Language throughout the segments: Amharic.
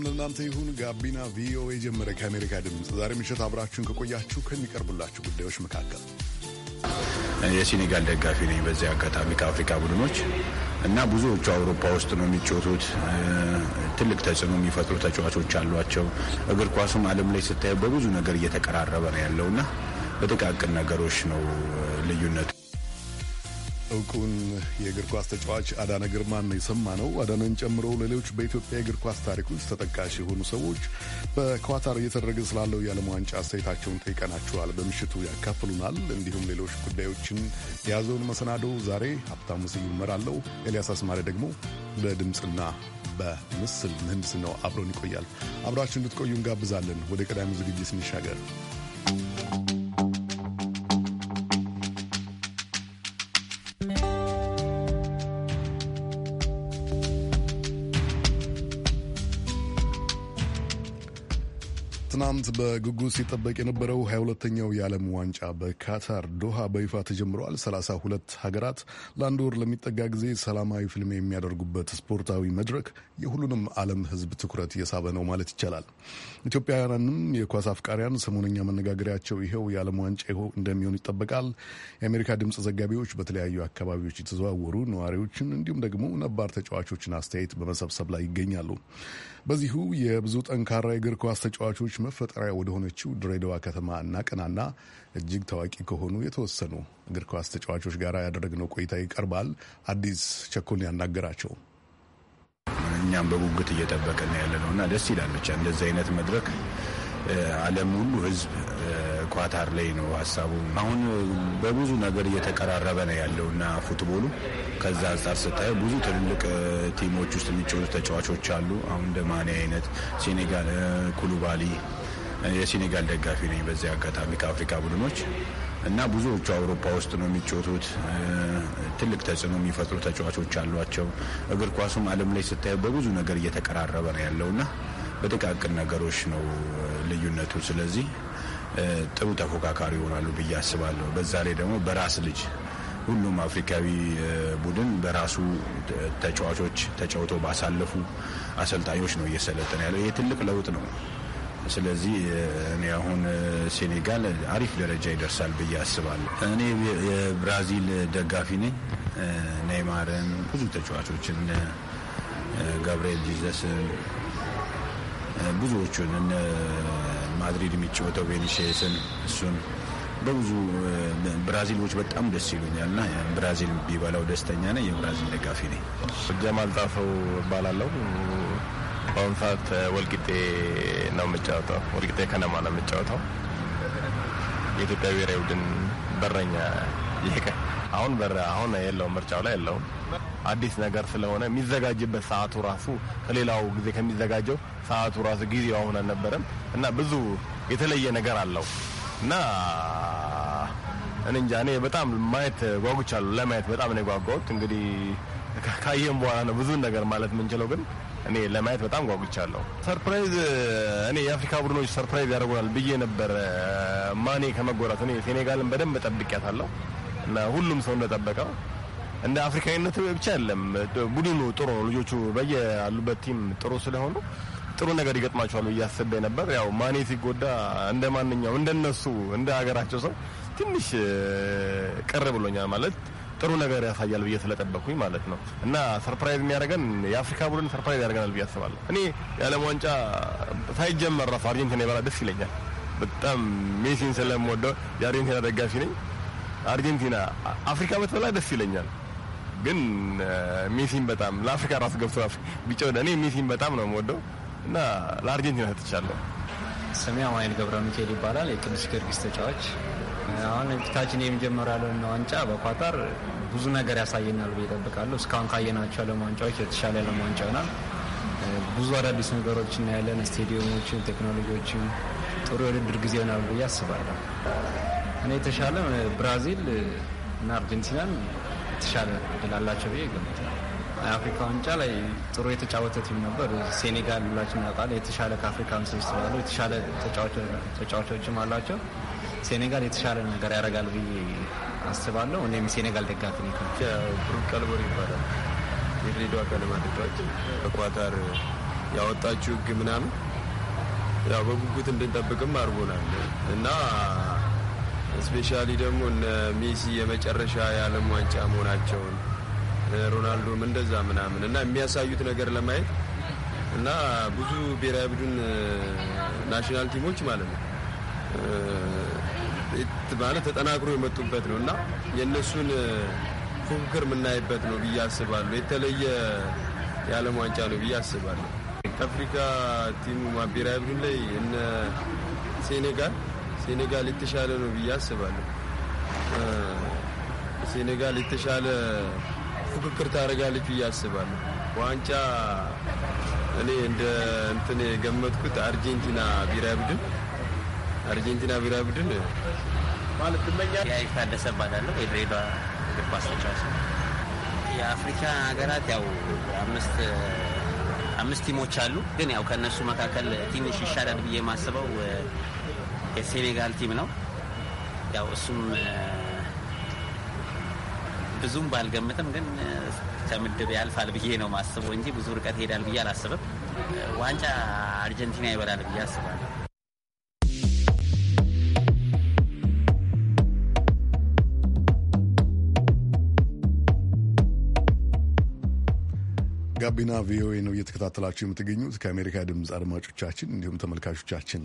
ሰላም ለእናንተ ይሁን። ጋቢና ቪኦኤ ጀመረ። ከአሜሪካ ድምፅ ዛሬ ምሽት አብራችሁን ከቆያችሁ ከሚቀርቡላችሁ ጉዳዮች መካከል የሴኔጋል ደጋፊ ነኝ። በዚህ አጋጣሚ ከአፍሪካ ቡድኖች እና ብዙዎቹ አውሮፓ ውስጥ ነው የሚጫወቱት። ትልቅ ተጽዕኖ የሚፈጥሩ ተጫዋቾች አሏቸው። እግር ኳሱም ዓለም ላይ ስታዩ በብዙ ነገር እየተቀራረበ ነው ያለውና በጥቃቅን ነገሮች ነው ልዩነቱ። እውቁን የእግር ኳስ ተጫዋች አዳነ ግርማን የሰማ ነው። አዳነን ጨምሮ ሌሎች በኢትዮጵያ የእግር ኳስ ታሪክ ውስጥ ተጠቃሽ የሆኑ ሰዎች በኳታር እየተደረገ ስላለው የዓለም ዋንጫ አስተያየታቸውን ጠይቀናቸዋል። በምሽቱ ያካፍሉናል። እንዲሁም ሌሎች ጉዳዮችን የያዘውን መሰናዶ ዛሬ ሀብታሙ ስዩም እመራለሁ። ኤልያስ አስማሪ ደግሞ በድምፅና በምስል ምህንድስ ነው አብሮን ይቆያል። አብራችሁ እንድትቆዩ እንጋብዛለን። ወደ ቀዳሚው ዝግጅት እንሻገር። ትናንት በጉጉት ሲጠበቅ የነበረው 22ተኛው የዓለም ዋንጫ በካታር ዶሃ በይፋ ተጀምረዋል። ሰላሳ ሁለት ሀገራት ለአንድ ወር ለሚጠጋ ጊዜ ሰላማዊ ፊልም የሚያደርጉበት ስፖርታዊ መድረክ የሁሉንም ዓለም ሕዝብ ትኩረት የሳበ ነው ማለት ይቻላል። ኢትዮጵያውያንም የኳስ አፍቃሪያን ሰሞነኛ መነጋገሪያቸው ይኸው የዓለም ዋንጫ ይኸው እንደሚሆን ይጠበቃል። የአሜሪካ ድምፅ ዘጋቢዎች በተለያዩ አካባቢዎች የተዘዋወሩ ነዋሪዎችን እንዲሁም ደግሞ ነባር ተጫዋቾችን አስተያየት በመሰብሰብ ላይ ይገኛሉ። በዚሁ የብዙ ጠንካራ የእግር ኳስ ተጫዋቾች መፈ ፈጠሪያ ወደሆነችው ድሬዳዋ ከተማ እናቀናና እጅግ ታዋቂ ከሆኑ የተወሰኑ እግር ኳስ ተጫዋቾች ጋር ያደረግነው ቆይታ ይቀርባል። አዲስ ቸኮል ያናገራቸው እኛም በጉጉት እየጠበቅን ነው እና ደስ ይላል። ብቻ እንደዚህ አይነት መድረክ ዓለም ሁሉ ህዝብ ኳታር ላይ ነው ሀሳቡ። አሁን በብዙ ነገር እየተቀራረበ ነው ያለው እና ፉትቦሉ ከዛ አንጻር ስታየ ብዙ ትልልቅ ቲሞች ውስጥ የሚጫወቱ ተጫዋቾች አሉ። አሁን እንደ ማኔ አይነት ሴኔጋል፣ ኩሉባሊ የሴኔጋል ደጋፊ ነኝ። በዚህ አጋጣሚ ከአፍሪካ ቡድኖች እና ብዙዎቹ አውሮፓ ውስጥ ነው የሚጫወቱት። ትልቅ ተጽዕኖ የሚፈጥሩ ተጫዋቾች አሏቸው። እግር ኳሱም ዓለም ላይ ስታየው በብዙ ነገር እየተቀራረበ ነው ያለው እና በጥቃቅን ነገሮች ነው ልዩነቱ። ስለዚህ ጥሩ ተፎካካሪ ይሆናሉ ብዬ አስባለሁ። በዛ ላይ ደግሞ በራስ ልጅ ሁሉም አፍሪካዊ ቡድን በራሱ ተጫዋቾች ተጫውተው ባሳለፉ አሰልጣኞች ነው እየሰለጠነ ያለው። ይህ ትልቅ ለውጥ ነው። ስለዚህ እኔ አሁን ሴኔጋል አሪፍ ደረጃ ይደርሳል ብዬ አስባለሁ። እኔ የብራዚል ደጋፊ ነኝ። ኔይማርን፣ ብዙ ተጫዋቾችን፣ ገብርኤል ጂዘስን፣ ብዙዎቹን እነ ማድሪድ የሚጫወተው ቬኒሽስን እሱን በብዙ ብራዚሎች በጣም ደስ ይሉኛል እና ብራዚል ቢበላው ደስተኛ ነኝ። የብራዚል ደጋፊ ነኝ። ጀማል ጣፈው እባላለሁ። በአሁኑ ሰዓት ወልቂጤ ነው የምጫወተው። ወልቂጤ ከነማ ነው የምጫወተው። የኢትዮጵያ ብሔራዊ ቡድን በረኛ አሁን በረ አሁን የለውም፣ ምርጫው ላይ የለውም። አዲስ ነገር ስለሆነ የሚዘጋጅበት ሰዓቱ ራሱ ከሌላው ጊዜ ከሚዘጋጀው ሰዓቱ ራሱ ጊዜው አሁን አልነበረም እና ብዙ የተለየ ነገር አለው እና እንጃ እኔ በጣም ማየት ጓጉቻለሁ። ለማየት በጣም ነው የጓጓሁት። እንግዲህ ካየም በኋላ ነው ብዙ ነገር ማለት የምንችለው ግን እኔ ለማየት በጣም ጓጉቻለሁ። ሰርፕራይዝ እኔ የአፍሪካ ቡድኖች ሰርፕራይዝ ያደርጉናል ብዬ ነበር ማኔ ከመጎዳት እኔ ሴኔጋልን በደንብ ጠብቂያታለሁ እና ሁሉም ሰው እንደጠበቀው እንደ አፍሪካዊነት ብቻ አይደለም፣ ቡድኑ ጥሩ ነው። ልጆቹ በየያሉበት ቲም ጥሩ ስለሆኑ ጥሩ ነገር ይገጥማቸዋል ብዬ ነበር። ያው ማኔ ሲጎዳ እንደ ማንኛውም እንደነሱ እንደ ሀገራቸው ሰው ትንሽ ቅር ብሎኛል ማለት ጥሩ ነገር ያሳያል ብዬ ስለጠበኩኝ ማለት ነው። እና ሰርፕራይዝ የሚያደርገን የአፍሪካ ቡድን ሰርፕራይዝ ያደርገናል ብዬ አስባለሁ። እኔ የዓለም ዋንጫ ሳይጀመር ራሱ አርጀንቲና ይበላ ደስ ይለኛል። በጣም ሜሲን ስለምወደው የአርጀንቲና ደጋፊ ነኝ። አርጀንቲና አፍሪካ ብትበላ ደስ ይለኛል። ግን ሜሲን በጣም ለአፍሪካ ራሱ ገብቶ ቢጫው እኔ ሜሲን በጣም ነው የምወደው እና ለአርጀንቲና ሰጥቻለሁ። ስሜ አማኑኤል ገብረ ሚካኤል ይባላል። የቅዱስ ጊዮርጊስ ተጫዋች አሁን ፊታችን የመጀመሪያ ያለውን ዋንጫ በኳታር ብዙ ነገር ያሳየናል ብዬ እጠብቃለሁ። እስካሁን ካየናቸው ዓለም ዋንጫዎች የተሻለ ዓለም ዋንጫ ይሆናል። ብዙ አዳዲስ ነገሮች እናያለን። ስቴዲየሞችን፣ ቴክኖሎጂዎችን ጥሩ የውድድር ጊዜ ይሆናል ብዬ አስባለሁ። እኔ የተሻለ ብራዚል እና አርጀንቲናን የተሻለ እላላቸው ብዬ ይገምታል። አፍሪካ ዋንጫ ላይ ጥሩ የተጫወተ ቲም ነበር። ሴኔጋል ሁላችን ያውቃል። የተሻለ ከአፍሪካ ምስል ስላሉ የተሻለ ተጫዋቾችም አላቸው። ሴኔጋል የተሻለ ነገር ያደርጋል ብዬ አስባለሁ። እኔም ሴኔጋል ደጋፊ ነኝ። ብሩክ ቀልቦር ይባላል። የድሬዳዋ ቀለማት ደጋፊ በኳታር ያወጣችው ህግ ምናምን ያው በጉጉት እንድንጠብቅም አድርጎናል እና ስፔሻሊ ደግሞ እነ ሜሲ የመጨረሻ የዓለም ዋንጫ መሆናቸውን ሮናልዶም እንደዛ ምናምን እና የሚያሳዩት ነገር ለማየት እና ብዙ ብሔራዊ ቡድን ናሽናል ቲሞች ማለት ነው ማለት ተጠናክሮ የመጡበት ነው እና የእነሱን ፉክክር የምናይበት ነው ብዬ አስባለሁ። የተለየ የዓለም ዋንጫ ነው ብዬ አስባለሁ። ከአፍሪካ ቲሙ ብሔራዊ ቡድን ላይ እነ ሴኔጋል ሴኔጋል የተሻለ ነው ብዬ አስባለሁ። ሴኔጋል የተሻለ ፉክክር ታደርጋለች ብዬ አስባለሁ። ዋንጫ እኔ እንደ እንትን የገመትኩት አርጀንቲና ብሔራዊ ቡድን አርጀንቲና ብሔራዊ ቡድን ማለት ትመኛ ያይፍ ታደሰ እባላለሁ። የድሬዳዋ እግር ኳስ ተጫዋች ነው። የአፍሪካ ሀገራት ያው አምስት አምስት ቲሞች አሉ። ግን ያው ከእነሱ መካከል ትንሽ ይሻላል ብዬ የማስበው የሴኔጋል ቲም ነው። ያው እሱም ብዙም ባልገምትም ግን ከምድብ ያልፋል ብዬ ነው ማስበው እንጂ ብዙ ርቀት ይሄዳል ብዬ አላስብም። ዋንጫ አርጀንቲና ይበላል ብዬ አስባለሁ። ጋቢና ቪኦኤ ነው እየተከታተላችሁ የምትገኙት። ከአሜሪካ ድምፅ አድማጮቻችን፣ እንዲሁም ተመልካቾቻችን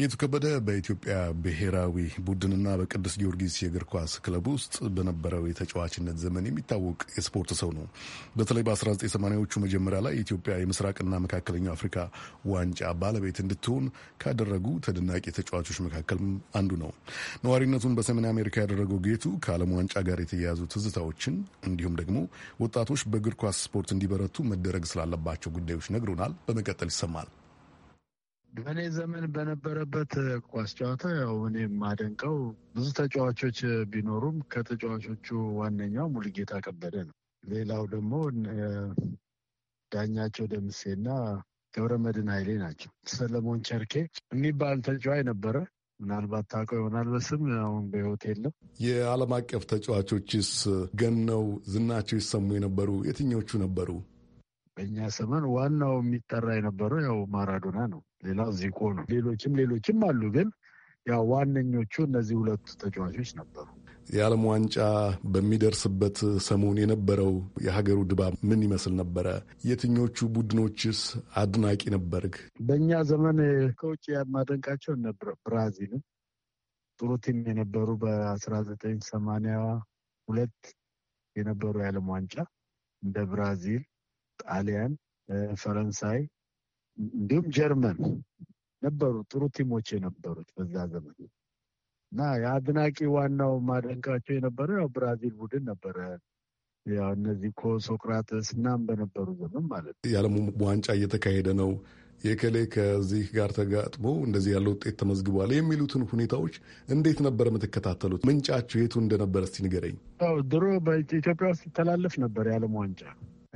ጌቱ ከበደ በኢትዮጵያ ብሔራዊ ቡድንና በቅዱስ ጊዮርጊስ የእግር ኳስ ክለብ ውስጥ በነበረው የተጫዋችነት ዘመን የሚታወቅ የስፖርት ሰው ነው። በተለይ በ1980ዎቹ መጀመሪያ ላይ ኢትዮጵያ የምስራቅና መካከለኛው አፍሪካ ዋንጫ ባለቤት እንድትሆን ካደረጉ ተደናቂ ተጫዋቾች መካከል አንዱ ነው። ነዋሪነቱን በሰሜን አሜሪካ ያደረገው ጌቱ ከዓለም ዋንጫ ጋር የተያያዙ ትዝታዎችን እንዲሁም ደግሞ ወጣቶች በእግር ኳስ ስፖርት እንዲበረቱ መደረግ ስላለባቸው ጉዳዮች ነግሩናል። በመቀጠል ይሰማል። በእኔ ዘመን በነበረበት ኳስ ጨዋታ ያው እኔ የማደንቀው ብዙ ተጫዋቾች ቢኖሩም ከተጫዋቾቹ ዋነኛው ሙሉጌታ ከበደ ነው። ሌላው ደግሞ ዳኛቸው ደምሴና መድን ኃይሌ ናቸው። ሰለሞን ቸርኬ የሚባል ተጫዋች ነበረ። ምናልባት ታውቀው ይሆናል በስም አሁን በሕይወት የለም። የዓለም አቀፍ ተጫዋቾችስ ገነው ዝናቸው ይሰሙ የነበሩ የትኞቹ ነበሩ? በእኛ ዘመን ዋናው የሚጠራ የነበረው ያው ማራዶና ነው። ሌላ ዚቆ ነው። ሌሎችም ሌሎችም አሉ፣ ግን ያው ዋነኞቹ እነዚህ ሁለቱ ተጫዋቾች ነበሩ። የዓለም ዋንጫ በሚደርስበት ሰሞን የነበረው የሀገሩ ድባብ ምን ይመስል ነበረ? የትኞቹ ቡድኖችስ አድናቂ ነበርግ? በእኛ ዘመን ከውጭ የማደንቃቸው ነበረ ብራዚልም ጥሩ ቲም የነበሩ በአስራ ዘጠኝ ሰማንያ ሁለት የነበሩ የዓለም ዋንጫ እንደ ብራዚል ጣሊያን፣ ፈረንሳይ እንዲሁም ጀርመን ነበሩ ጥሩ ቲሞች የነበሩት በዛ ዘመን እና የአድናቂ ዋናው ማደንቃቸው የነበረ ያው ብራዚል ቡድን ነበረ። ያው እነዚህ ኮ ሶክራተስ ምናምን በነበሩ ዘመን ማለት ነው። የዓለም ዋንጫ እየተካሄደ ነው የከሌ ከዚህ ጋር ተጋጥሞ እንደዚህ ያለ ውጤት ተመዝግቧል የሚሉትን ሁኔታዎች እንዴት ነበር የምትከታተሉት? ምንጫችሁ የቱ እንደነበረ እስቲ ንገረኝ። ድሮ በኢትዮጵያ ውስጥ ይተላለፍ ነበር የዓለም ዋንጫ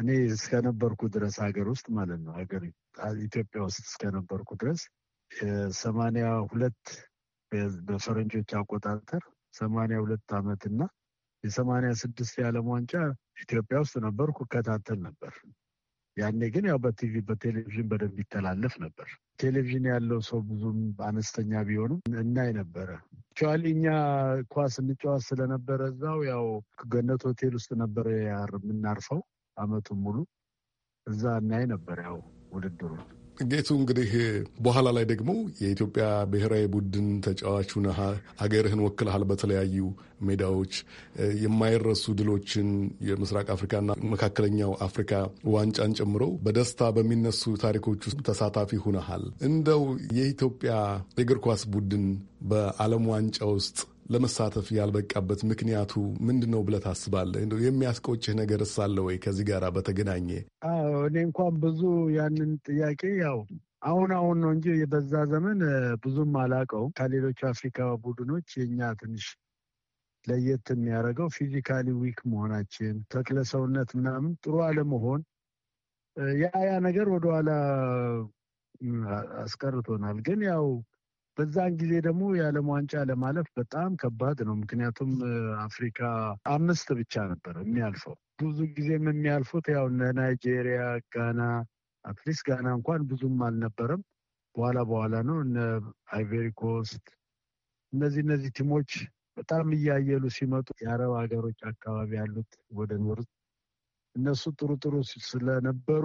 እኔ እስከነበርኩ ድረስ ሀገር ውስጥ ማለት ነው ሀገር ኢትዮጵያ ውስጥ እስከነበርኩ ድረስ የሰማንያ ሁለት በፈረንጆች አቆጣጠር ሰማንያ ሁለት ዓመት እና የሰማንያ ስድስት የዓለም ዋንጫ ኢትዮጵያ ውስጥ ነበርኩ እከታተል ነበር። ያኔ ግን ያው በቲቪ በቴሌቪዥን በደንብ ይተላለፍ ነበር። ቴሌቪዥን ያለው ሰው ብዙም አነስተኛ ቢሆንም እናይ ነበረ። ቸዋሊ እኛ ኳስ እንጫወት ስለነበረ እዛው ያው ገነት ሆቴል ውስጥ ነበረ የምናርፈው አመቱን ሙሉ እዛ እናይ ነበር ያው ውድድሩ። ጌቱ እንግዲህ በኋላ ላይ ደግሞ የኢትዮጵያ ብሔራዊ ቡድን ተጫዋች ነህ። ሀገርህን ወክልሃል በተለያዩ ሜዳዎች የማይረሱ ድሎችን የምስራቅ አፍሪካና መካከለኛው አፍሪካ ዋንጫን ጨምሮ በደስታ በሚነሱ ታሪኮች ውስጥ ተሳታፊ ሁነሃል። እንደው የኢትዮጵያ የእግር ኳስ ቡድን በዓለም ዋንጫ ውስጥ ለመሳተፍ ያልበቃበት ምክንያቱ ምንድን ነው ብለህ ታስባለህ? የሚያስቆጭህ ነገር እሳለ ወይ ከዚህ ጋር በተገናኘ? አዎ እኔ እንኳን ብዙ ያንን ጥያቄ ያው አሁን አሁን ነው እንጂ በዛ ዘመን ብዙም አላቀው። ከሌሎች አፍሪካ ቡድኖች የኛ ትንሽ ለየት የሚያደርገው ፊዚካሊ ዊክ መሆናችን፣ ተክለ ሰውነት ምናምን ጥሩ አለመሆን ያ ያ ነገር ወደኋላ አስቀርቶናል። ግን ያው በዛን ጊዜ ደግሞ የዓለም ዋንጫ ለማለፍ በጣም ከባድ ነው። ምክንያቱም አፍሪካ አምስት ብቻ ነበር የሚያልፈው። ብዙ ጊዜም የሚያልፉት ያው እነ ናይጄሪያ፣ ጋና አትሊስት ጋና እንኳን ብዙም አልነበረም። በኋላ በኋላ ነው እነ አይቨሪ ኮስት እነዚህ እነዚህ ቲሞች በጣም እያየሉ ሲመጡ የአረብ ሀገሮች አካባቢ ያሉት ወደ ኖርዝ እነሱ ጥሩ ጥሩ ስለነበሩ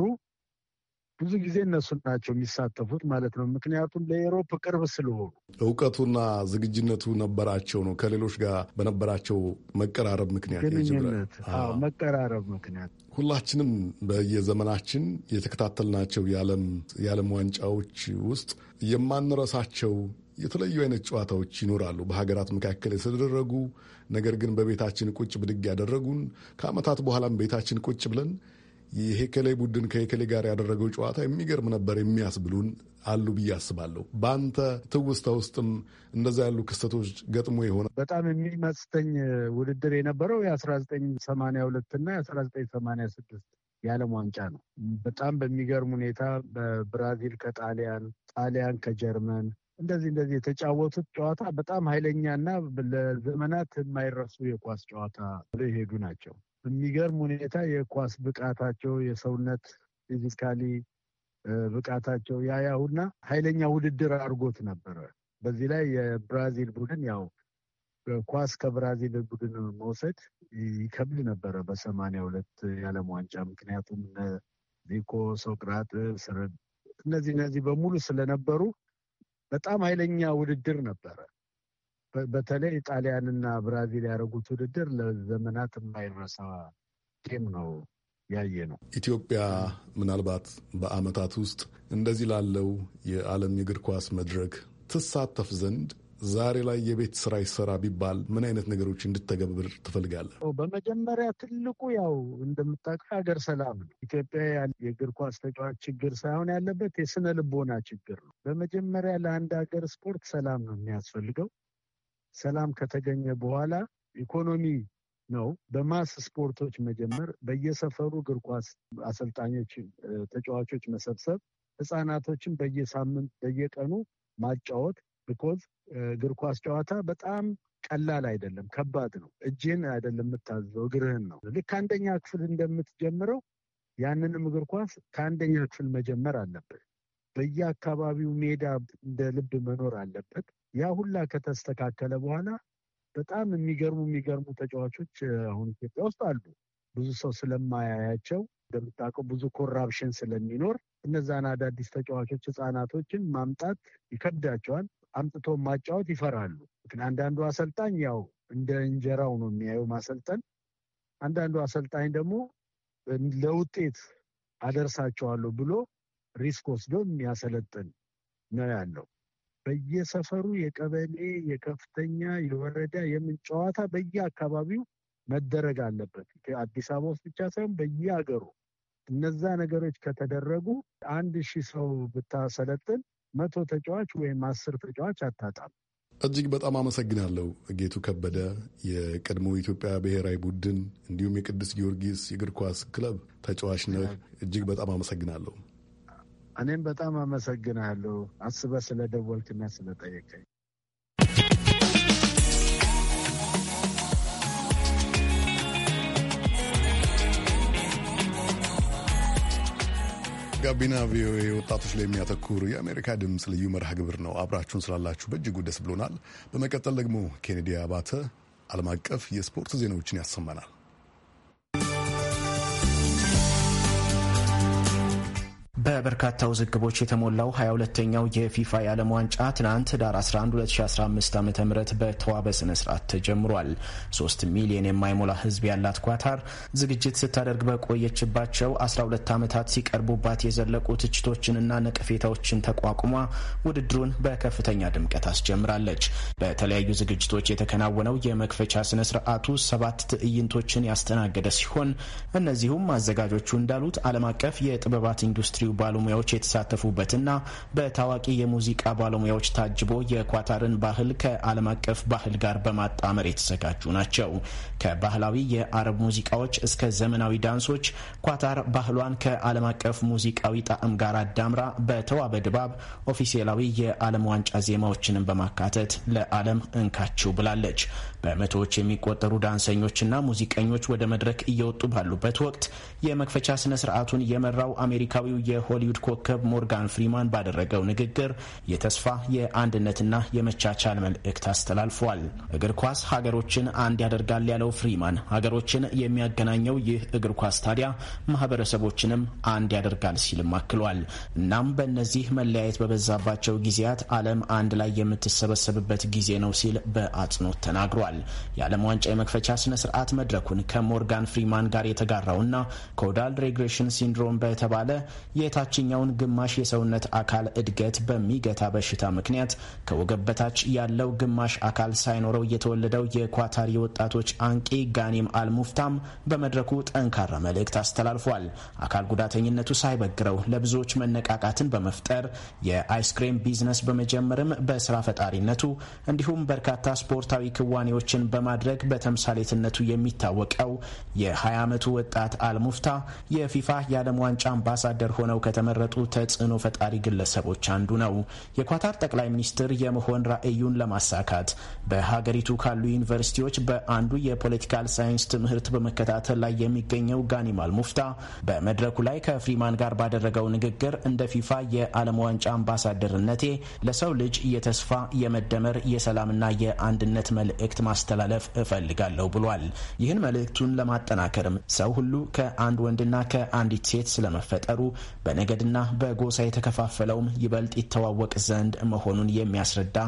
ብዙ ጊዜ እነሱ ናቸው የሚሳተፉት ማለት ነው። ምክንያቱም ለኤሮፕ ቅርብ ስለሆኑ እውቀቱና ዝግጅነቱ ነበራቸው ነው። ከሌሎች ጋር በነበራቸው መቀራረብ ምክንያት ግንኙነት መቀራረብ ምክንያት ሁላችንም በየዘመናችን የተከታተልናቸው የዓለም ዋንጫዎች ውስጥ የማንረሳቸው የተለያዩ አይነት ጨዋታዎች ይኖራሉ። በሀገራት መካከል የተደረጉ ነገር ግን በቤታችን ቁጭ ብድግ ያደረጉን ከዓመታት በኋላም ቤታችን ቁጭ ብለን የሄከሌ ቡድን ከሄከሌ ጋር ያደረገው ጨዋታ የሚገርም ነበር የሚያስብሉን አሉ ብዬ አስባለሁ። በአንተ ትውስታ ውስጥም እንደዛ ያሉ ክስተቶች ገጥሞ የሆነ በጣም የሚመስተኝ ውድድር የነበረው የ1982 እና የ1986 የዓለም ዋንጫ ነው። በጣም በሚገርም ሁኔታ በብራዚል ከጣሊያን፣ ጣሊያን ከጀርመን እንደዚህ እንደዚህ የተጫወቱት ጨዋታ በጣም ኃይለኛና ለዘመናት የማይረሱ የኳስ ጨዋታ የሄዱ ናቸው። በሚገርም ሁኔታ የኳስ ብቃታቸው የሰውነት ፊዚካሊ ብቃታቸው ያያሁና ኃይለኛ ውድድር አድርጎት ነበረ። በዚህ ላይ የብራዚል ቡድን ያው ኳስ ከብራዚል ቡድን መውሰድ ይከብድ ነበረ በሰማንያ ሁለት የዓለም ዋንጫ ምክንያቱም ዚኮ፣ ሶቅራጥስ እነዚህ እነዚህ በሙሉ ስለነበሩ በጣም ኃይለኛ ውድድር ነበረ። በተለይ ጣሊያንና ብራዚል ያደረጉት ውድድር ለዘመናት የማይረሳ ጌም ነው ያየ ነው። ኢትዮጵያ ምናልባት በአመታት ውስጥ እንደዚህ ላለው የዓለም የእግር ኳስ መድረክ ትሳተፍ ዘንድ ዛሬ ላይ የቤት ስራ ይሰራ ቢባል ምን አይነት ነገሮች እንድተገብር ትፈልጋለህ? በመጀመሪያ ትልቁ ያው እንደምታውቀው ሀገር ሰላም ነው። ኢትዮጵያ የእግር ኳስ ተጫዋች ችግር ሳይሆን ያለበት የስነ ልቦና ችግር ነው። በመጀመሪያ ለአንድ ሀገር ስፖርት ሰላም ነው የሚያስፈልገው። ሰላም ከተገኘ በኋላ ኢኮኖሚ ነው። በማስ ስፖርቶች መጀመር፣ በየሰፈሩ እግር ኳስ አሰልጣኞች፣ ተጫዋቾች መሰብሰብ፣ ህፃናቶችን በየሳምንት በየቀኑ ማጫወት። ቢኮዝ እግር ኳስ ጨዋታ በጣም ቀላል አይደለም፣ ከባድ ነው። እጅን አይደለም የምታዘው እግርህን ነው። ልክ አንደኛ ክፍል እንደምትጀምረው ያንንም እግር ኳስ ከአንደኛ ክፍል መጀመር አለበት። በየአካባቢው ሜዳ እንደ ልብ መኖር አለበት። ያ ሁላ ከተስተካከለ በኋላ በጣም የሚገርሙ የሚገርሙ ተጫዋቾች አሁን ኢትዮጵያ ውስጥ አሉ። ብዙ ሰው ስለማያያቸው እንደምታውቀው ብዙ ኮራፕሽን ስለሚኖር እነዛን አዳዲስ ተጫዋቾች ህፃናቶችን ማምጣት ይከብዳቸዋል። አምጥቶ ማጫወት ይፈራሉ። አንዳንዱ አሰልጣኝ ያው እንደ እንጀራው ነው የሚያየው ማሰልጠን። አንዳንዱ አሰልጣኝ ደግሞ ለውጤት አደርሳቸዋለሁ ብሎ ሪስክ ወስዶ የሚያሰለጥን ነው ያለው። በየሰፈሩ የቀበሌ የከፍተኛ የወረዳ የምን ጨዋታ በየአካባቢው መደረግ አለበት። አዲስ አበባ ውስጥ ብቻ ሳይሆን በየሀገሩ እነዛ ነገሮች ከተደረጉ አንድ ሺህ ሰው ብታሰለጥን መቶ ተጫዋች ወይም አስር ተጫዋች አታጣም። እጅግ በጣም አመሰግናለሁ ጌቱ ከበደ፣ የቀድሞ ኢትዮጵያ ብሔራዊ ቡድን እንዲሁም የቅዱስ ጊዮርጊስ የእግር ኳስ ክለብ ተጫዋች ነህ። እጅግ በጣም አመሰግናለሁ። እኔም በጣም አመሰግናለሁ አስበ ስለደወልክና ስለጠየቀኝ። ጋቢና ቪኦኤ ወጣቶች ላይ የሚያተኩር የአሜሪካ ድምፅ ልዩ መርሃ ግብር ነው። አብራችሁን ስላላችሁ በእጅጉ ደስ ብሎናል። በመቀጠል ደግሞ ኬኔዲ አባተ ዓለም አቀፍ የስፖርት ዜናዎችን ያሰማናል። በበርካታ ውዝግቦች የተሞላው 22ኛው የፊፋ የዓለም ዋንጫ ትናንት ዳር 11 2015 ዓ ም በተዋበ ስነ ስርዓት ተጀምሯል። ሶስት ሚሊዮን የማይሞላ ህዝብ ያላት ኳታር ዝግጅት ስታደርግ በቆየችባቸው 12 ዓመታት ሲቀርቡባት የዘለቁ ትችቶችንና ነቀፌታዎችን ተቋቁሟ ውድድሩን በከፍተኛ ድምቀት አስጀምራለች። በተለያዩ ዝግጅቶች የተከናወነው የመክፈቻ ስነ ስርዓቱ ሰባት ትዕይንቶችን ያስተናገደ ሲሆን እነዚሁም አዘጋጆቹ እንዳሉት ዓለም አቀፍ የጥበባት ኢንዱስትሪው ባለሙያዎች የተሳተፉበትና በታዋቂ የሙዚቃ ባለሙያዎች ታጅቦ የኳታርን ባህል ከዓለም አቀፍ ባህል ጋር በማጣመር የተዘጋጁ ናቸው። ከባህላዊ የአረብ ሙዚቃዎች እስከ ዘመናዊ ዳንሶች ኳታር ባህሏን ከዓለም አቀፍ ሙዚቃዊ ጣዕም ጋር አዳምራ በተዋበ ድባብ ኦፊሴላዊ የዓለም ዋንጫ ዜማዎችንም በማካተት ለዓለም እንካችው ብላለች። በመቶዎች የሚቆጠሩ ዳንሰኞችና ሙዚቀኞች ወደ መድረክ እየወጡ ባሉበት ወቅት የመክፈቻ ስነ ስርዓቱን የመራው አሜሪካዊው የሆሊውድ ኮከብ ሞርጋን ፍሪማን ባደረገው ንግግር የተስፋ የአንድነትና የመቻቻል መልእክት አስተላልፏል። እግር ኳስ ሀገሮችን አንድ ያደርጋል ያለው ፍሪማን ሀገሮችን የሚያገናኘው ይህ እግር ኳስ ታዲያ ማህበረሰቦችንም አንድ ያደርጋል ሲልም አክሏል። እናም በእነዚህ መለያየት በበዛባቸው ጊዜያት ዓለም አንድ ላይ የምትሰበሰብበት ጊዜ ነው ሲል በአጽንኦት ተናግሯል። ይገኛል። የዓለም ዋንጫ የመክፈቻ ስነ ስርዓት መድረኩን ከሞርጋን ፍሪማን ጋር የተጋራውና ኮዳል ሬግሬሽን ሲንድሮም በተባለ የታችኛውን ግማሽ የሰውነት አካል እድገት በሚገታ በሽታ ምክንያት ከወገብ በታች ያለው ግማሽ አካል ሳይኖረው የተወለደው የኳታሪ ወጣቶች አንቂ ጋኒም አልሙፍታም በመድረኩ ጠንካራ መልእክት አስተላልፏል። አካል ጉዳተኝነቱ ሳይበግረው ለብዙዎች መነቃቃትን በመፍጠር የአይስክሬም ቢዝነስ በመጀመርም በስራ ፈጣሪነቱ እንዲሁም በርካታ ስፖርታዊ ክዋኔዎች ነገሮችን በማድረግ በተምሳሌትነቱ የሚታወቀው የ20 ዓመቱ ወጣት አልሙፍታ የፊፋ የዓለም ዋንጫ አምባሳደር ሆነው ከተመረጡ ተጽዕኖ ፈጣሪ ግለሰቦች አንዱ ነው። የኳታር ጠቅላይ ሚኒስትር የመሆን ራዕዩን ለማሳካት በሀገሪቱ ካሉ ዩኒቨርሲቲዎች በአንዱ የፖለቲካል ሳይንስ ትምህርት በመከታተል ላይ የሚገኘው ጋኒም አልሙፍታ በመድረኩ ላይ ከፍሪማን ጋር ባደረገው ንግግር እንደ ፊፋ የዓለም ዋንጫ አምባሳደርነቴ ለሰው ልጅ የተስፋ የመደመር የሰላምና የአንድነት መልእክት ማስተላለፍ እፈልጋለሁ ብሏል። ይህን መልእክቱን ለማጠናከርም ሰው ሁሉ ከአንድ ወንድና ከአንዲት ሴት ስለመፈጠሩ በነገድና በጎሳ የተከፋፈለውም ይበልጥ ይተዋወቅ ዘንድ መሆኑን የሚያስረዳ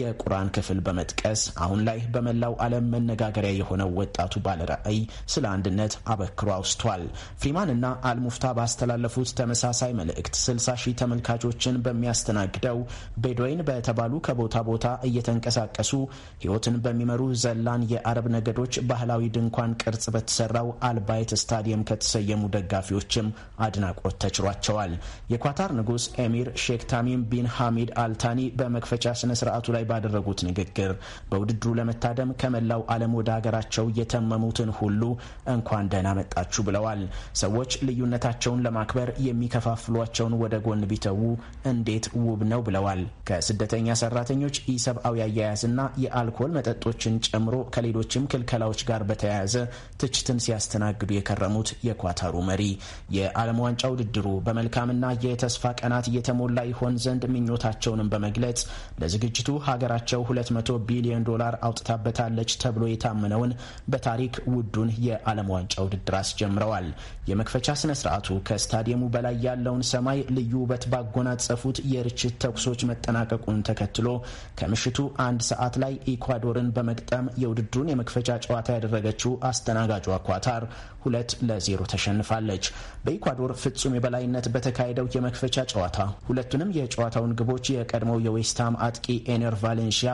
የቁርአን ክፍል በመጥቀስ አሁን ላይ በመላው ዓለም መነጋገሪያ የሆነው ወጣቱ ባለራዕይ ስለ አንድነት አበክሮ አውስቷል። ፍሪማንና አልሙፍታ ባስተላለፉት ተመሳሳይ መልእክት 60 ሺህ ተመልካቾችን በሚያስተናግደው ቤድወይን በተባሉ ከቦታ ቦታ እየተንቀሳቀሱ ሕይወትን በሚመሩ ዘላን የአረብ ነገዶች ባህላዊ ድንኳን ቅርጽ በተሰራው አልባይት ስታዲየም ከተሰየሙ ደጋፊዎችም አድናቆት ተችሯቸዋል። የኳታር ንጉስ ኤሚር ሼክ ታሚም ቢን ሐሚድ አልታኒ በመክፈቻ ስነ ስርዓቱ ላይ ባደረጉት ንግግር በውድድሩ ለመታደም ከመላው ዓለም ወደ ሀገራቸው የተመሙትን ሁሉ እንኳን ደህና መጣችሁ ብለዋል። ሰዎች ልዩነታቸውን ለማክበር የሚከፋፍሏቸውን ወደ ጎን ቢተዉ እንዴት ውብ ነው ብለዋል። ከስደተኛ ሰራተኞች ኢሰብአዊ አያያዝና የአልኮል መጠጦችን ግጭቶችን ጨምሮ ከሌሎችም ክልከላዎች ጋር በተያያዘ ትችትን ሲያስተናግዱ የከረሙት የኳታሩ መሪ የዓለም ዋንጫ ውድድሩ በመልካምና የተስፋ ቀናት እየተሞላ ይሆን ዘንድ ምኞታቸውንም በመግለጽ ለዝግጅቱ ሀገራቸው 200 ቢሊዮን ዶላር አውጥታበታለች ተብሎ የታመነውን በታሪክ ውዱን የዓለም ዋንጫ ውድድር አስጀምረዋል። የመክፈቻ ስነ ስርዓቱ ከስታዲየሙ በላይ ያለውን ሰማይ ልዩ ውበት ባጎናጸፉት የርችት ተኩሶች መጠናቀቁን ተከትሎ ከምሽቱ አንድ ሰዓት ላይ ኢኳዶርን በመ በመግጠም የውድድሩን የመክፈቻ ጨዋታ ያደረገችው አስተናጋጇ ኳታር ሁለት ለዜሮ ተሸንፋለች። በኢኳዶር ፍጹም የበላይነት በተካሄደው የመክፈቻ ጨዋታ ሁለቱንም የጨዋታውን ግቦች የቀድሞው የዌስትሃም አጥቂ ኤነር ቫሌንሺያ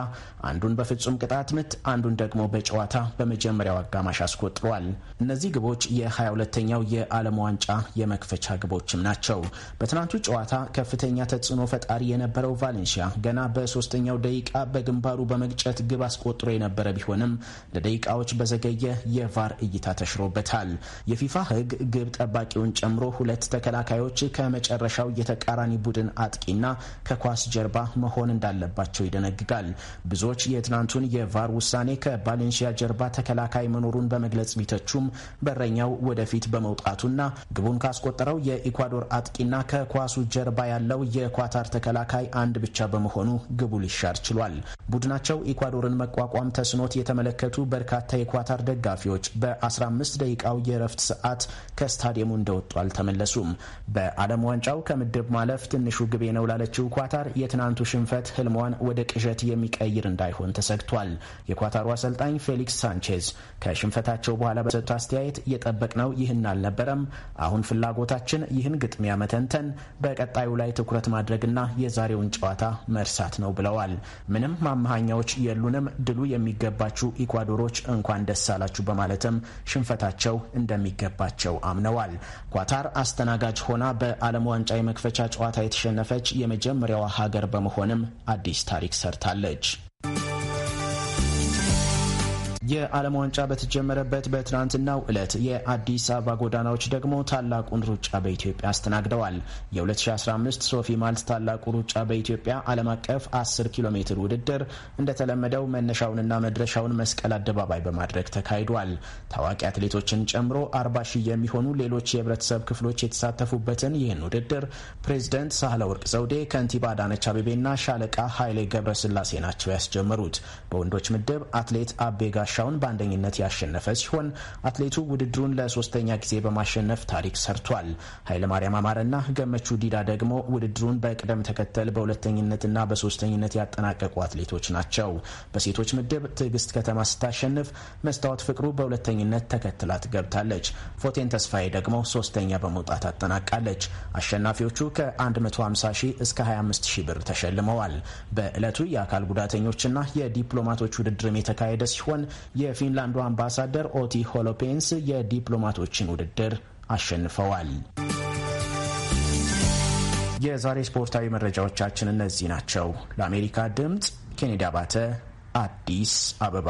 አንዱን በፍጹም ቅጣት ምት፣ አንዱን ደግሞ በጨዋታ በመጀመሪያው አጋማሽ አስቆጥሯል። እነዚህ ግቦች የ22ኛው የዓለም ዋንጫ የመክፈቻ ግቦችም ናቸው። በትናንቱ ጨዋታ ከፍተኛ ተጽዕኖ ፈጣሪ የነበረው ቫሌንሺያ ገና በሶስተኛው ደቂቃ በግንባሩ በመግጨት ግብ አስቆጥሮ የነበረ የነበረ ቢሆንም ለደቂቃዎች በዘገየ የቫር እይታ ተሽሮበታል። የፊፋ ሕግ ግብ ጠባቂውን ጨምሮ ሁለት ተከላካዮች ከመጨረሻው የተቃራኒ ቡድን አጥቂና ከኳስ ጀርባ መሆን እንዳለባቸው ይደነግጋል። ብዙዎች የትናንቱን የቫር ውሳኔ ከባሌንሺያ ጀርባ ተከላካይ መኖሩን በመግለጽ ቢተቹም በረኛው ወደፊት በመውጣቱና ግቡን ካስቆጠረው የኢኳዶር አጥቂና ከኳሱ ጀርባ ያለው የኳታር ተከላካይ አንድ ብቻ በመሆኑ ግቡ ሊሻር ችሏል። ቡድናቸው ኢኳዶርን መቋቋም ተስ ተስኖት የተመለከቱ በርካታ የኳታር ደጋፊዎች በ15 ደቂቃው የእረፍት ሰዓት ከስታዲየሙ እንደወጡ አልተመለሱም። በዓለም ዋንጫው ከምድብ ማለፍ ትንሹ ግቤ ነው ላለችው ኳታር የትናንቱ ሽንፈት ህልሟን ወደ ቅዠት የሚቀይር እንዳይሆን ተሰግቷል። የኳታሩ አሰልጣኝ ፌሊክስ ሳንቼዝ ከሽንፈታቸው በኋላ በሰጡት አስተያየት የጠበቅነው ይህን አልነበረም። አሁን ፍላጎታችን ይህን ግጥሚያ መተንተን፣ በቀጣዩ ላይ ትኩረት ማድረግና የዛሬውን ጨዋታ መርሳት ነው ብለዋል። ምንም ማመሃኛዎች የሉንም። ድሉ የሚ ለሚገባችሁ ኢኳዶሮች እንኳን ደስ አላችሁ በማለትም ሽንፈታቸው እንደሚገባቸው አምነዋል። ኳታር አስተናጋጅ ሆና በዓለም ዋንጫ የመክፈቻ ጨዋታ የተሸነፈች የመጀመሪያዋ ሀገር በመሆንም አዲስ ታሪክ ሰርታለች። የዓለም ዋንጫ በተጀመረበት በትናንትናው ዕለት የአዲስ አበባ ጎዳናዎች ደግሞ ታላቁን ሩጫ በኢትዮጵያ አስተናግደዋል። የ2015 ሶፊ ማልት ታላቁ ሩጫ በኢትዮጵያ ዓለም አቀፍ 10 ኪሎ ሜትር ውድድር እንደተለመደው መነሻውንና መድረሻውን መስቀል አደባባይ በማድረግ ተካሂዷል። ታዋቂ አትሌቶችን ጨምሮ 40 ሺህ የሚሆኑ ሌሎች የህብረተሰብ ክፍሎች የተሳተፉበትን ይህን ውድድር ፕሬዚደንት ሳህለ ወርቅ ዘውዴ፣ ከንቲባ አዳነች አቤቤና ሻለቃ ኃይሌ ገብረስላሴ ናቸው ያስጀመሩት። በወንዶች ምድብ አትሌት አቤጋሻ መጨረሻውን በአንደኝነት ያሸነፈ ሲሆን አትሌቱ ውድድሩን ለሶስተኛ ጊዜ በማሸነፍ ታሪክ ሰርቷል። ኃይለማርያም አማረና ገመቹ ዲዳ ደግሞ ውድድሩን በቅደም ተከተል በሁለተኝነትና በሶስተኝነት ያጠናቀቁ አትሌቶች ናቸው። በሴቶች ምድብ ትዕግስት ከተማ ስታሸንፍ፣ መስታወት ፍቅሩ በሁለተኝነት ተከትላት ገብታለች። ፎቴን ተስፋዬ ደግሞ ሶስተኛ በመውጣት አጠናቃለች። አሸናፊዎቹ ከ150 ሺህ እስከ 25 ሺህ ብር ተሸልመዋል። በዕለቱ የአካል ጉዳተኞችና የዲፕሎማቶች ውድድርም የተካሄደ ሲሆን የፊንላንዱ አምባሳደር ኦቲ ሆሎፔንስ የዲፕሎማቶችን ውድድር አሸንፈዋል። የዛሬ ስፖርታዊ መረጃዎቻችን እነዚህ ናቸው። ለአሜሪካ ድምፅ ኬኔዲ አባተ አዲስ አበባ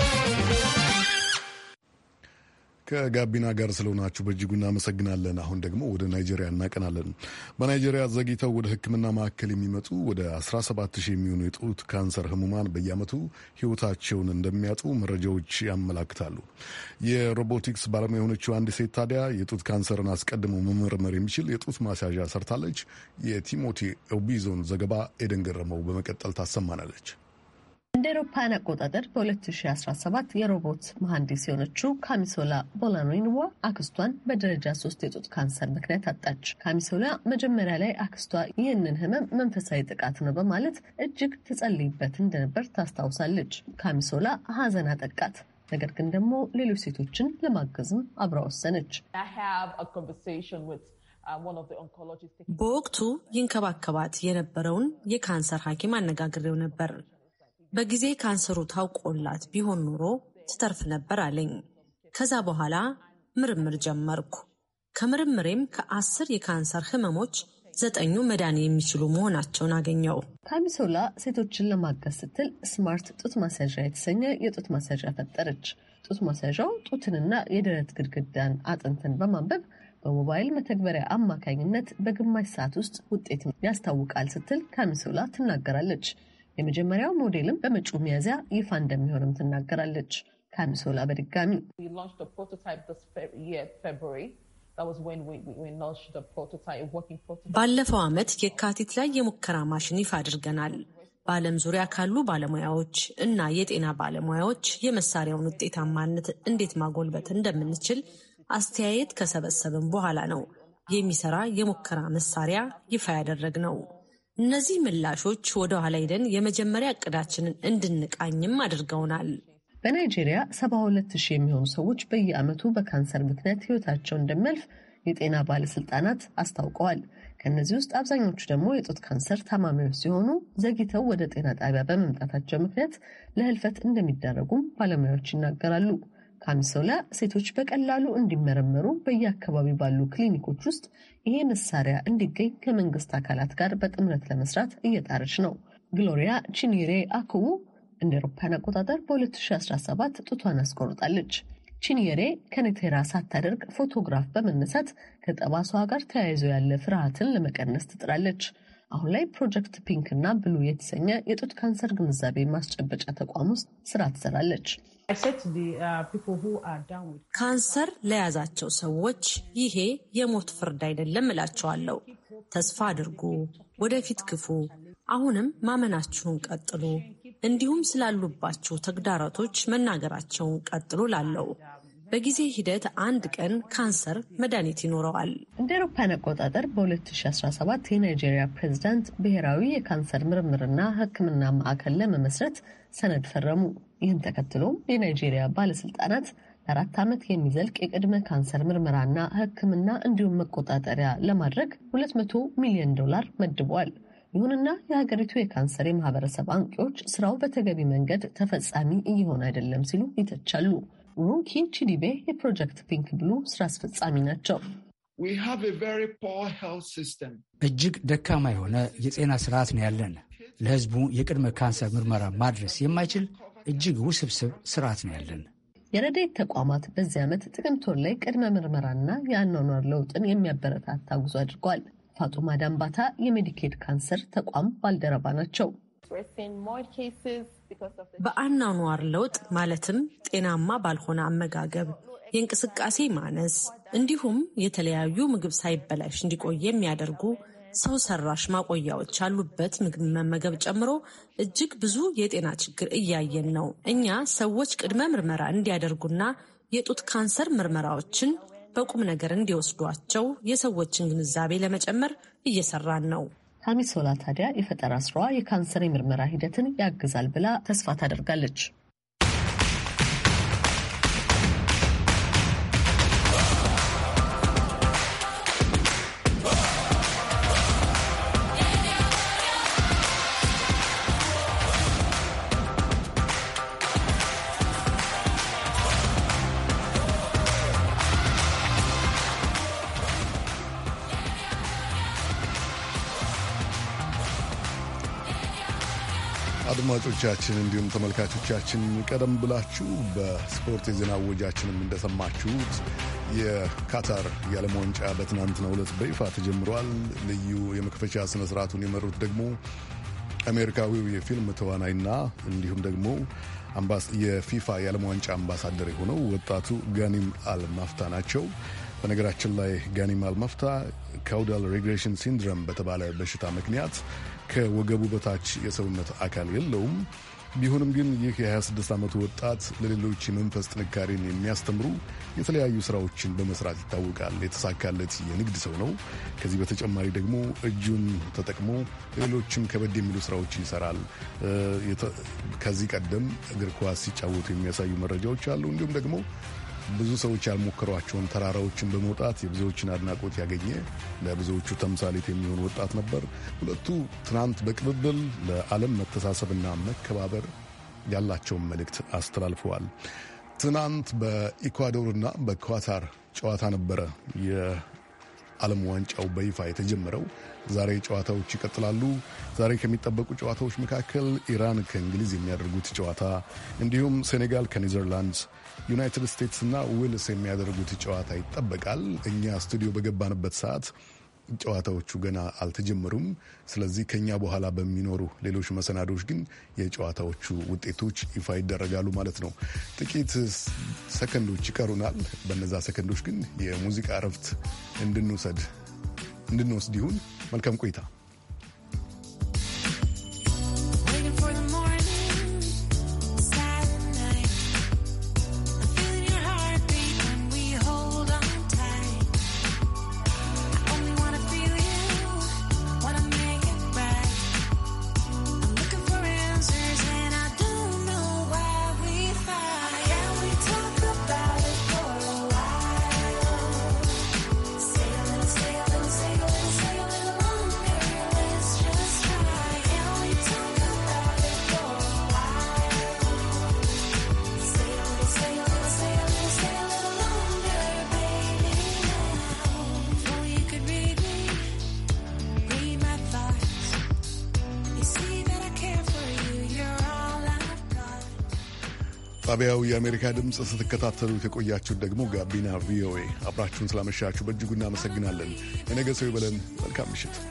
ከጋቢና ጋር ስለሆናችሁ በእጅጉ እናመሰግናለን። አሁን ደግሞ ወደ ናይጄሪያ እናቀናለን። በናይጄሪያ ዘግይተው ወደ ሕክምና ማዕከል የሚመጡ ወደ 17 የሚሆኑ የጡት ካንሰር ህሙማን በየዓመቱ ህይወታቸውን እንደሚያጡ መረጃዎች ያመላክታሉ። የሮቦቲክስ ባለሙያ የሆነችው አንድ ሴት ታዲያ የጡት ካንሰርን አስቀድሞ መመርመር የሚችል የጡት ማስያዣ ሰርታለች። የቲሞቲ ኦቢዞን ዘገባ ኤደን ገረመው በመቀጠል ታሰማናለች። አውሮፓውያን አቆጣጠር በ2017 የሮቦት መሐንዲስ የሆነችው ካሚሶላ ቦላኖይንዋ አክስቷን በደረጃ ሶስት የጡት ካንሰር ምክንያት አጣች። ካሚሶላ መጀመሪያ ላይ አክስቷ ይህንን ህመም መንፈሳዊ ጥቃት ነው በማለት እጅግ ትጸልይበት እንደነበር ታስታውሳለች። ካሚሶላ ሀዘን አጠቃት። ነገር ግን ደግሞ ሌሎች ሴቶችን ለማገዝም አብራ ወሰነች። uh, በወቅቱ ይንከባከባት የነበረውን የካንሰር ሐኪም አነጋግሬው ነበር። በጊዜ ካንሰሩ ታውቆላት ቢሆን ኖሮ ትተርፍ ነበር አለኝ። ከዛ በኋላ ምርምር ጀመርኩ። ከምርምሬም ከአስር የካንሰር ህመሞች ዘጠኙ መዳን የሚችሉ መሆናቸውን አገኘው። ካሚሶላ ሴቶችን ለማገዝ ስትል ስማርት ጡት ማስያዣ የተሰኘ የጡት ማስያዣ ፈጠረች። ጡት ማስያዣው ጡትንና የደረት ግድግዳን አጥንትን በማንበብ በሞባይል መተግበሪያ አማካኝነት በግማሽ ሰዓት ውስጥ ውጤት ያስታውቃል ስትል ካሚሶላ ትናገራለች። የመጀመሪያው ሞዴልም በመጪው ሚያዝያ ይፋ እንደሚሆንም ትናገራለች። ካንሶላ በድጋሚ ባለፈው ዓመት የካቲት ላይ የሙከራ ማሽን ይፋ አድርገናል። በዓለም ዙሪያ ካሉ ባለሙያዎች እና የጤና ባለሙያዎች የመሳሪያውን ውጤታማነት እንዴት ማጎልበት እንደምንችል አስተያየት ከሰበሰብን በኋላ ነው የሚሰራ የሙከራ መሳሪያ ይፋ ያደረግነው። እነዚህ ምላሾች ወደ ኋላ ሄደን የመጀመሪያ እቅዳችንን እንድንቃኝም አድርገውናል። በናይጄሪያ 72 ሺህ የሚሆኑ ሰዎች በየዓመቱ በካንሰር ምክንያት ህይወታቸው እንደሚያልፍ የጤና ባለስልጣናት አስታውቀዋል። ከእነዚህ ውስጥ አብዛኞቹ ደግሞ የጡት ካንሰር ታማሚዎች ሲሆኑ ዘግይተው ወደ ጤና ጣቢያ በመምጣታቸው ምክንያት ለህልፈት እንደሚዳረጉም ባለሙያዎች ይናገራሉ። አንሶላ ሴቶች በቀላሉ እንዲመረመሩ በየአካባቢው ባሉ ክሊኒኮች ውስጥ ይሄ መሳሪያ እንዲገኝ ከመንግስት አካላት ጋር በጥምረት ለመስራት እየጣረች ነው። ግሎሪያ ቺኒሬ አኩቡ እንደ አውሮፓውያን አቆጣጠር በ2017 ጡቷን አስቆርጣለች። ቺኒሬ ከኔቴራ ሳታደርግ ፎቶግራፍ በመነሳት ከጠባሷ ጋር ተያይዞ ያለ ፍርሃትን ለመቀነስ ትጥራለች። አሁን ላይ ፕሮጀክት ፒንክ እና ብሉ የተሰኘ የጡት ካንሰር ግንዛቤ ማስጨበጫ ተቋም ውስጥ ስራ ትሰራለች። uh, ካንሰር ለያዛቸው ሰዎች ይሄ የሞት ፍርድ አይደለም እላቸዋለሁ። ተስፋ አድርጉ፣ ወደፊት ግፉ፣ አሁንም ማመናችሁን ቀጥሉ፣ እንዲሁም ስላሉባቸው ተግዳሮቶች መናገራቸውን ቀጥሉ ላለው በጊዜ ሂደት አንድ ቀን ካንሰር መድኃኒት ይኖረዋል። እንደ አውሮፓውያን አቆጣጠር በ2017 የናይጄሪያ ፕሬዚዳንት ብሔራዊ የካንሰር ምርምርና ሕክምና ማዕከል ለመመስረት ሰነድ ፈረሙ። ይህን ተከትሎም የናይጄሪያ ባለስልጣናት ለአራት ዓመት የሚዘልቅ የቅድመ ካንሰር ምርመራና ሕክምና እንዲሁም መቆጣጠሪያ ለማድረግ 200 ሚሊዮን ዶላር መድበዋል። ይሁንና የሀገሪቱ የካንሰር የማህበረሰብ አንቂዎች ስራው በተገቢ መንገድ ተፈጻሚ እየሆነ አይደለም ሲሉ ይተቻሉ። ሩንኪን ቺዲቤ የፕሮጀክት ፒንክ ብሉ ስራ አስፈጻሚ ናቸው። እጅግ ደካማ የሆነ የጤና ስርዓት ነው ያለን። ለህዝቡ የቅድመ ካንሰር ምርመራ ማድረስ የማይችል እጅግ ውስብስብ ስርዓት ነው ያለን። የረዳይት ተቋማት በዚህ ዓመት ጥቅምት ወር ላይ ቅድመ ምርመራና የአኗኗር ለውጥን የሚያበረታታ ጉዞ አድርጓል። ፋጡማ ዳምባታ የሜዲኬድ ካንሰር ተቋም ባልደረባ ናቸው። በአኗኗር ለውጥ ማለትም ጤናማ ባልሆነ አመጋገብ፣ የእንቅስቃሴ ማነስ እንዲሁም የተለያዩ ምግብ ሳይበላሽ እንዲቆይ የሚያደርጉ ሰው ሰራሽ ማቆያዎች ያሉበት ምግብ መመገብ ጨምሮ እጅግ ብዙ የጤና ችግር እያየን ነው። እኛ ሰዎች ቅድመ ምርመራ እንዲያደርጉና የጡት ካንሰር ምርመራዎችን በቁም ነገር እንዲወስዷቸው የሰዎችን ግንዛቤ ለመጨመር እየሰራን ነው። ካሚሶላ ታዲያ የፈጠራ ስራዋ የካንሰር የምርመራ ሂደትን ያግዛል ብላ ተስፋ ታደርጋለች። አድማጮቻችን እንዲሁም ተመልካቾቻችን ቀደም ብላችሁ በስፖርት የዜና ወጃችንም እንደሰማችሁት የካታር የዓለም ዋንጫ በትናንትናው ዕለት በይፋ ተጀምሯል። ልዩ የመክፈቻ ስነ ስርዓቱን የመሩት ደግሞ አሜሪካዊው የፊልም ተዋናይና እንዲሁም ደግሞ የፊፋ የዓለም ዋንጫ አምባሳደር የሆነው ወጣቱ ጋኒም አልማፍታ ናቸው። በነገራችን ላይ ጋኒም አልማፍታ ካውዳል ሬግሬሽን ሲንድረም በተባለ በሽታ ምክንያት ከወገቡ በታች የሰውነት አካል የለውም። ቢሆንም ግን ይህ የ26 ዓመቱ ወጣት ለሌሎች የመንፈስ ጥንካሬን የሚያስተምሩ የተለያዩ ስራዎችን በመስራት ይታወቃል። የተሳካለት የንግድ ሰው ነው። ከዚህ በተጨማሪ ደግሞ እጁን ተጠቅሞ ሌሎችም ከበድ የሚሉ ስራዎችን ይሰራል። ከዚህ ቀደም እግር ኳስ ሲጫወቱ የሚያሳዩ መረጃዎች አሉ። እንዲሁም ደግሞ ብዙ ሰዎች ያልሞከሯቸውን ተራራዎችን በመውጣት የብዙዎችን አድናቆት ያገኘ ለብዙዎቹ ተምሳሌት የሚሆን ወጣት ነበር። ሁለቱ ትናንት በቅብብል ለዓለም መተሳሰብና መከባበር ያላቸውን መልእክት አስተላልፈዋል። ትናንት በኢኳዶርና በኳታር ጨዋታ ነበረ ዓለም ዋንጫው በይፋ የተጀመረው። ዛሬ ጨዋታዎች ይቀጥላሉ። ዛሬ ከሚጠበቁ ጨዋታዎች መካከል ኢራን ከእንግሊዝ የሚያደርጉት ጨዋታ እንዲሁም ሴኔጋል ከኔዘርላንድስ፣ ዩናይትድ እና ዌልስ የሚያደርጉት ጨዋታ ይጠበቃል። እኛ ስቱዲዮ በገባንበት ሰዓት ጨዋታዎቹ ገና አልተጀመሩም። ስለዚህ ከኛ በኋላ በሚኖሩ ሌሎች መሰናዶች ግን የጨዋታዎቹ ውጤቶች ይፋ ይደረጋሉ ማለት ነው። ጥቂት ሰከንዶች ይቀሩናል። በነዛ ሰከንዶች ግን የሙዚቃ እረፍት እንድንወስድ ይሁን። መልካም ቆይታ ጣቢያው የአሜሪካ ድምፅ ስትከታተሉት የቆያችሁ ደግሞ ጋቢና ቪኦኤ አብራችሁን ስላመሻችሁ በእጅጉ እናመሰግናለን። የነገ ሰው ይበለን። መልካም ምሽት።